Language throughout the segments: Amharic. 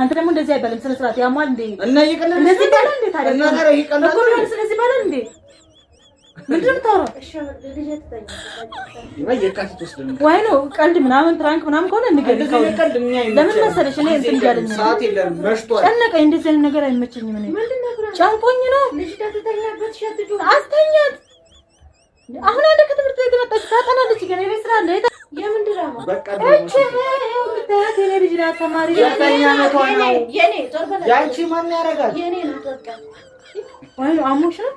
አንተ ደግሞ እንደዚህ አይበልም። ስነ ስርዓት ያሟል እንዴ? እና ይቀላል እንደዚህ እንዴ? ታዲያ እና ታዲያ እኮ ነው። ስለዚህ እንዴ? ወይ ነው ቀልድ ምናምን ትራንክ ምናምን ከሆነ ንገሪኝ። ለምን መሰለሽ እኔ እንትን እያለኝ ነው ጨነቀኝ። እንደዚህ አይነት ነገር አይመቸኝም። እኔ ጨንቆኝ ነው። አስተኛት አሁን አንድ ከትምህርት ቤት መጣች ታጠናለች። ገና የቤት ስራ አለ የምን ድራማ? ቴሌቪዥን ተማሪ ዘጠኛ መቷ ነው። ያቺ ማን ያደርጋል? አሞሽ ነው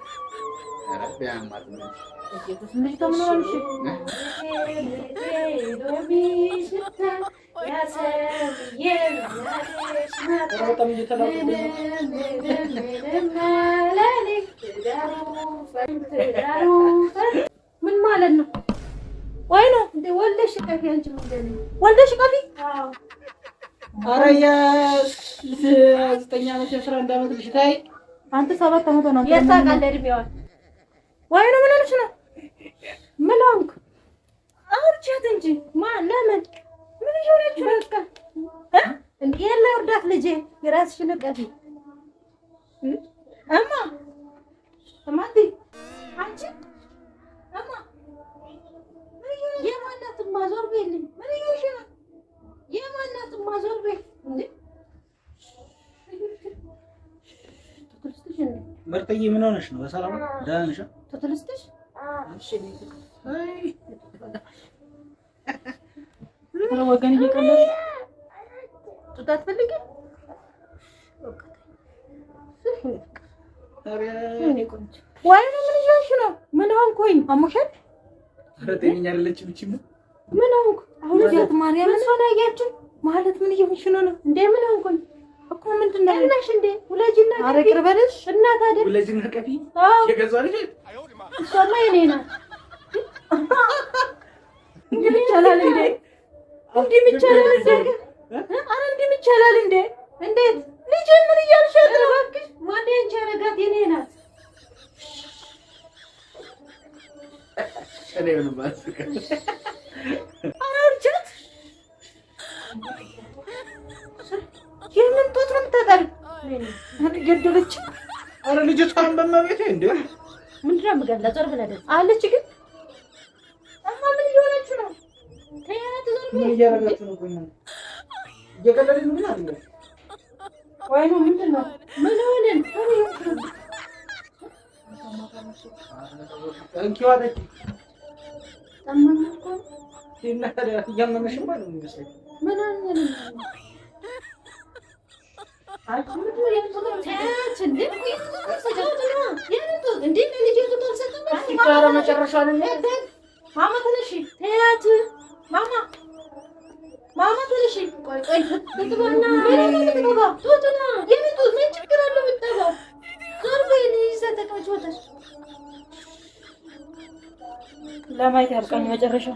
ምን ማለት ነው? ወይ ነው እንደ ወልደሽ ቀፊ አንቺ ምንድን ነው ወልደሽ ቀፊ? አዎ። ኧረ የዘጠኝ ዓመት የአስራ አንድ ዓመት ልጅ ታይ አንተ ሰባት ዓመት ነው። ወይ ነው ምን ሆነሽ ነው? ምን ሆንክ? አውርቻት እንጂ ለምን ምን ይሆነች በቃ እንዴ የለ እርዳት ልጄ የራስሽን ቀፊ እማ አንቺ እማ ማዞር ቤልኝ ምን ይሽናል? የማናት ማዞር ቤል እንዴ? ምርጥዬ ምን ሆነሽ ነው? በሰላም ደህና ነሽ? ተተለስተሽ እሺ ወገን እየቀለሽ ጡት አትፈልጊም? ወይ ምን ይሻሽ ነው? ምን ሆንኩኝ? አሞሻል? ኧረ ጤነኛ አይደለችም። ምን ሆንኩ? አሁን ያት ማርያም ምን ሆነ? ያያችሁ ማለት ምን እየሆንሽ ነው ነው እንዴ? ምን ሆንኩኝ እኮ ምንድን ነው እናሽ? እንዴ ውለጅና ቀፊ። ኧረ ቅርበልሽ እናት አይደል? ውለጅና ቀፊ የገዛ ልጅ እሷማ የኔ ናት። እንዲህ ይቻላል እንዴ? እንዲህ ይቻላል እንዴ? አረ እንዲህ ይቻላል እንዴ? እንዴት ልጅ ምን እያልሻት ነው? እባክሽ ማን ያንቺ አረጋት? የኔ ናት። እኔ ምንም አስቀምጥ አርጀት የምን ጦት ነው የምታጠል? ገደለች። አረ ልጅቷ በመቤቴ እንዴ! ምንድን ነው የምገድላት? ዞር ብለህ አለች። ግን እማ ምን እየሆነች ነው? ተያት። ዞር ብለህ እያረገች ነው። እየገለለች ምን አለ ወይ ነው? ምንድን ነው ምን ሆነን እንኪ ዋለች ጠማኝ እያመመሽማ ለማየት ያብቃኝ መጨረሻው።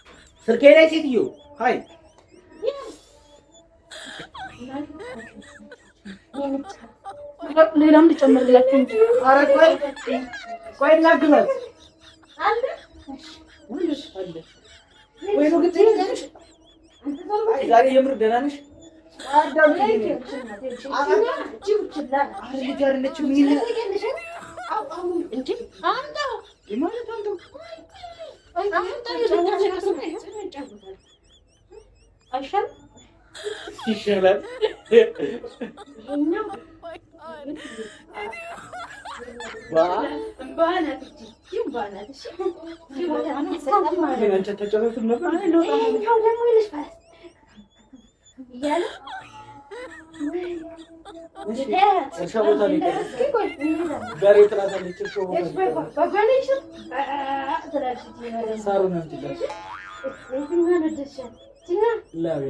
ስልኬ ላይ ሴትዮ ሀይ ሌላም ልጨምርላችሁ እንጂ ኧረ ቆይ ቆይ እናግዛት አለ ዛሬ የምር ደህና ነሽ? አዳም አይሻልም? ይሻላል። ሳሩ ነው ምን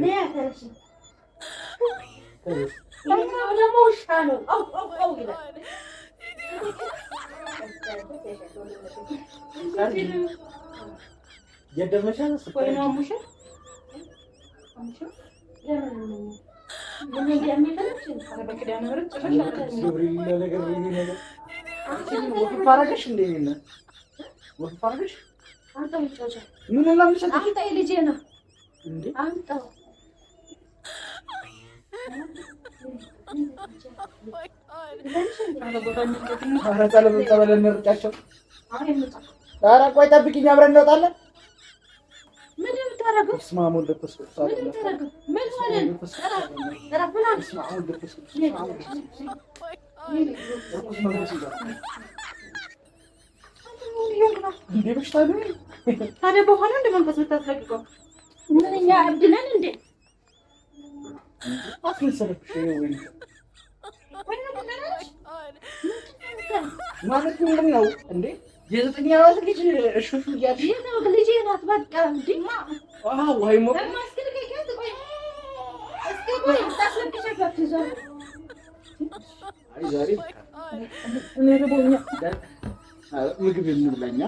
ላምሻ አንተ ልጄ ነው ኧረ ቆይ ጠብቂኝ፣ አብረን እንወጣለን። ምን የምታደርገው? ታዲያ በኋላ እንደ መንፈስ የምታስረግገው ምን እብድ ነን እንዴ? ማለት ምንድን ነው እንዴ? የዘጠኝ ልጅ እሹፍ እያልሽ ልጅ ናት። በቃ እንዴማ ምግብ የምንብላኛ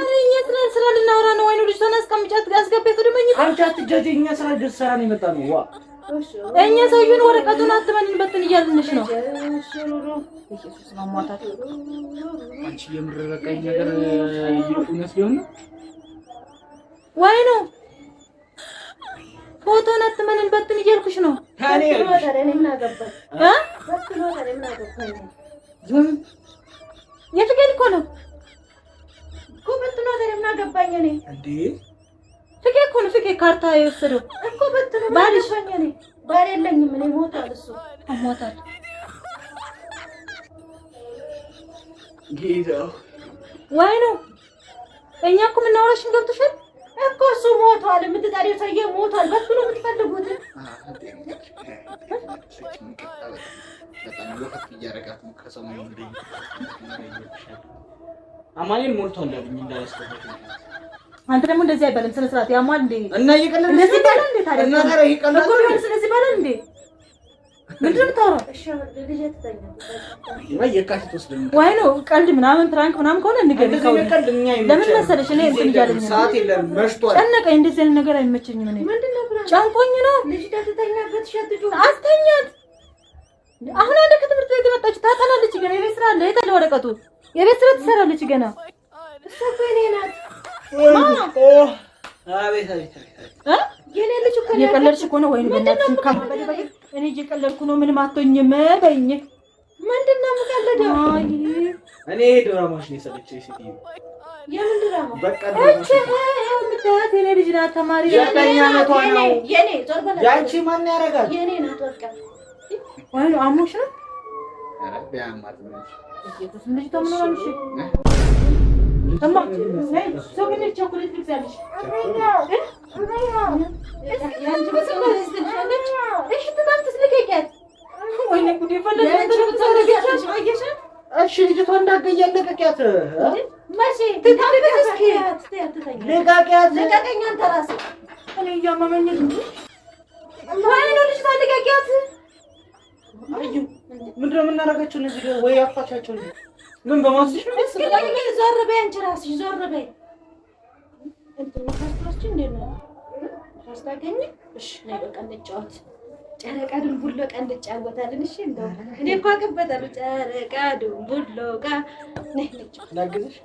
አረ የትራን ስራ ስራ ልናወራ ነው። ወይኑ ልጅቷን አስቀምጫት አስገባይቶ ደግሞ እኛ አንቺ አትጃጂ። እኛ ስራ ልትሰራ ነው የመጣ ነው። ዋ እኛ ሰውዬውን ወረቀቱን አትመን በትን እያልንሽ ነው። አንቺ የምር በቃ ይሄ ነገር እውነት ሊሆን ነው። ወይኑ ፎቶን አትመንን በትን እያልኩሽ ነው። ታኔ ወደረኔ ምን አገባኝ እ ወደረኔ ምን አገባኝ የትገል እኮ ነው ብትኖ ታዲያ ምን አገባኝ እኔ እንዴ? ፍቄ እኮ ነው ፍቄ ካርታ የወሰደው እኮ ብትኖ ባል ይሾኝ እኔ ባል የለኝም እኔ ሞታል፣ እሱ ሞታል። ጌታው ዋይ ነው እኛ እኮ የምናወራሽን ገብቶሻል እኮ እሱ ሞቷል። የምትጠሪው ሰውዬ ሞቷል። በትኖ የምትፈልጉት በጣም ወቅት እያደረጋት ነው ከሰሞኑ አማኔን ሞልቶልኝ እንዳላስተካከለ አንተ ደግሞ እንደዚህ አይባልም። ስነ ስርዓት ያሟል እንዴ እና ይቀለል እንደዚህ ታዲያ እና እኮ ነው። ስለዚህ ወይ ነው ቀልድ ምናምን ፕራንክ ምናምን ከሆነ ንገሪ። ለምን መሰለሽ እኔ እንትን እያለኝ ጨነቀኝ። እንደዚህ አይነት ነገር አይመቸኝም። እኔ ጨንቆኝ ነው አሁን አንድ ከትምህርት ቤት መጣች ታጠናለች፣ ግን የቤት ስራ አለ። የት አለ ወረቀቱ? የቤት ስራ ትሰራለች ገና። እሷ እኮ የኔ ናት። የኔ ልጅ እኮ እየቀለድሽ እኮ ነው። እኔ እየቀለድኩ ነው። ምንም አትሆኝም በይኝ። ምንድን ነው እኔ ድራማሽ ነው ሴትዮ። የምን ድራማ? የምታያት ልጅ ናት። ተማሪ ዘጠኝ ዓመቷ ነው። ያንቺ ማን ያደርጋል? ናት። በቃ አሞሽ ነው እሺ ልጅቷ እንዳገ ልቀቂያት። ልቀቂያት፣ ልቀቀኝ አንተ ራስህ። እኔ እያመመኝ ነው ልጅቷ ልቀቂያት። አዩ ምንድነው የምናደርጋቸው? እነዚህ ወይ አፋቻቸው እንጂ ምን በማስሽ ነው? ዞር በይ አንቺ እራስሽ ዞር በይ። ታስታገኝ እሺ፣ ጨረቃ ድንቡሎ ቃ እንጫወታለን። እሺ፣ እንደው እኔ እኮ አውቅበታለሁ። ጨረቃ ድንቡሎ ቃ ነይ እንጫወት።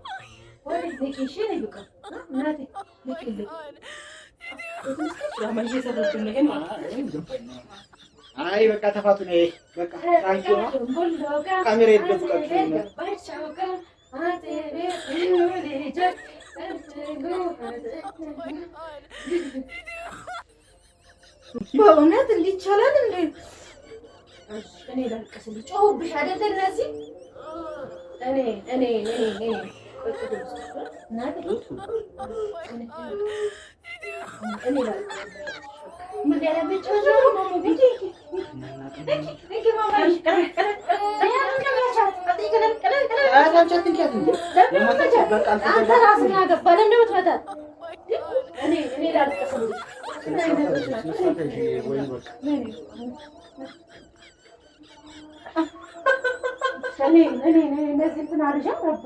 አይ በቃ ተፋቱ ነው። በቃ ካሜራ በእውነት እንዲቻላል እንዴ? እኔ ላልቅስ ልጮህብሽ አይደለ? እነዚህ እኔ እኔ እኔ Nerede git? Emir Bu dere bir çocuğum var mı? Bir ki. Bir ki mama. Ne yapacağım? Hadi gidelim. Gidelim. Gidelim. Ay sen çatın kendin. Ne yapacağım? Antar ağzını aga. Bana ne utmadan? Ne? Ne yapacağım? Ne yapacağım? Ne yapacağım? እኔ እኔ እኔ እነዚህ እንትን አርጃ ረብሹ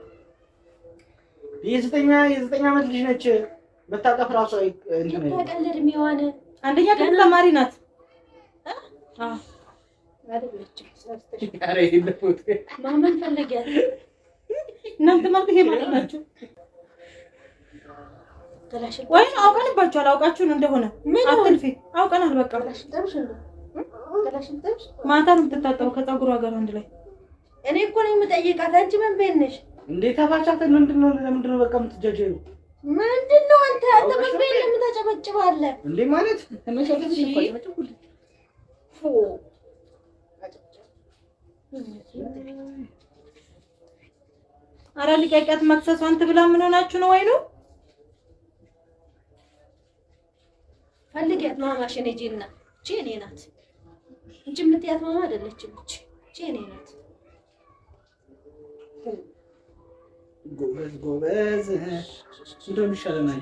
የዘጠኝ ዓመት ልጅ ነች። ራሱ አንደኛ ተማሪ ናት። ማመን ፈለጊያት እናንተ ማለት ይሄ ማለት ናችሁ ወይም አውቀንባችኋል። አውቃችሁን እንደሆነ አትልፊ። አውቀናል። በቃ ማታ ነው የምትታጠበው ከፀጉሯ ጋር አንድ ላይ። እኔ እኮ ነው የምጠይቃት አንቺ ምን ቤት ነሽ? እንዴት አባቻት ምንድነው? ለምንድነው በቃ የምትጃጀሩ? ምንድነው አንተ ተመግበ ለምን ታጨበጭባለህ እንዴ? ማለት ተመሸለሽ እኮ አጨበጭብኩት። አረ ልቀቂያት፣ መክሰሱ አንተ ብላ ምን ሆናችሁ ነው? ወይ ነው ፈልጊያት ማማ ሸኔ ጂና ጂኔ ናት እንጂ የምትያት ማማ አይደለችም። እቺ ጂኔ ናት። ጎበዝ ጎበዝ፣ እንደውም ይሻለናል።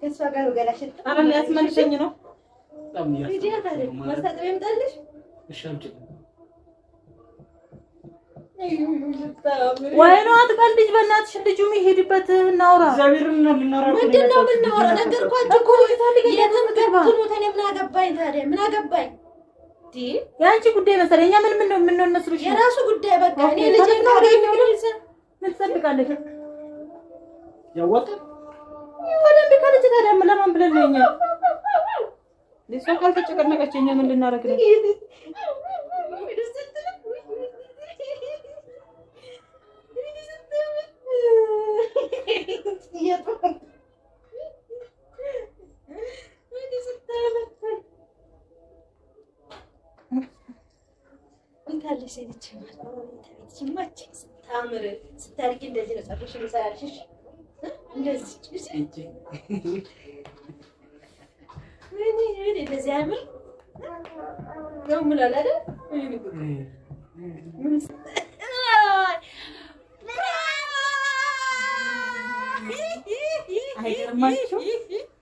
ከእሷ ጋር ነው ገላሽ። ኧረ ሊያስመልሰኝ ነው። ወይ ነው አትቀልጅ፣ በእናትሽ ልጁ የሚሄድበት እናውራ። የአንቺ ጉዳይ መሰለኝ። እኛ ምን ምን ነው ምን ነው የራሱ ጉዳይ በቃ። እኔ ልጅ ነው ያወጣ ታዲያ ለማን ብለን ነው እኛ ካልተጨቀነቀች እኛ ምን ልናደርግ ነው? ሴት ይችላል ይችማች ታምር ስታድግ እንደዚህ ነው ፀጉርሽ የሚሰራልሽ። እንደዚህ ምን እንደዚህ ያምር ነው ምላል አይደል? አይገርማችሁም?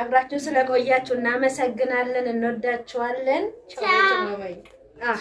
አብራችሁ ስለቆያችሁ እናመሰግናለን። እንወዳችኋለን። ቻው።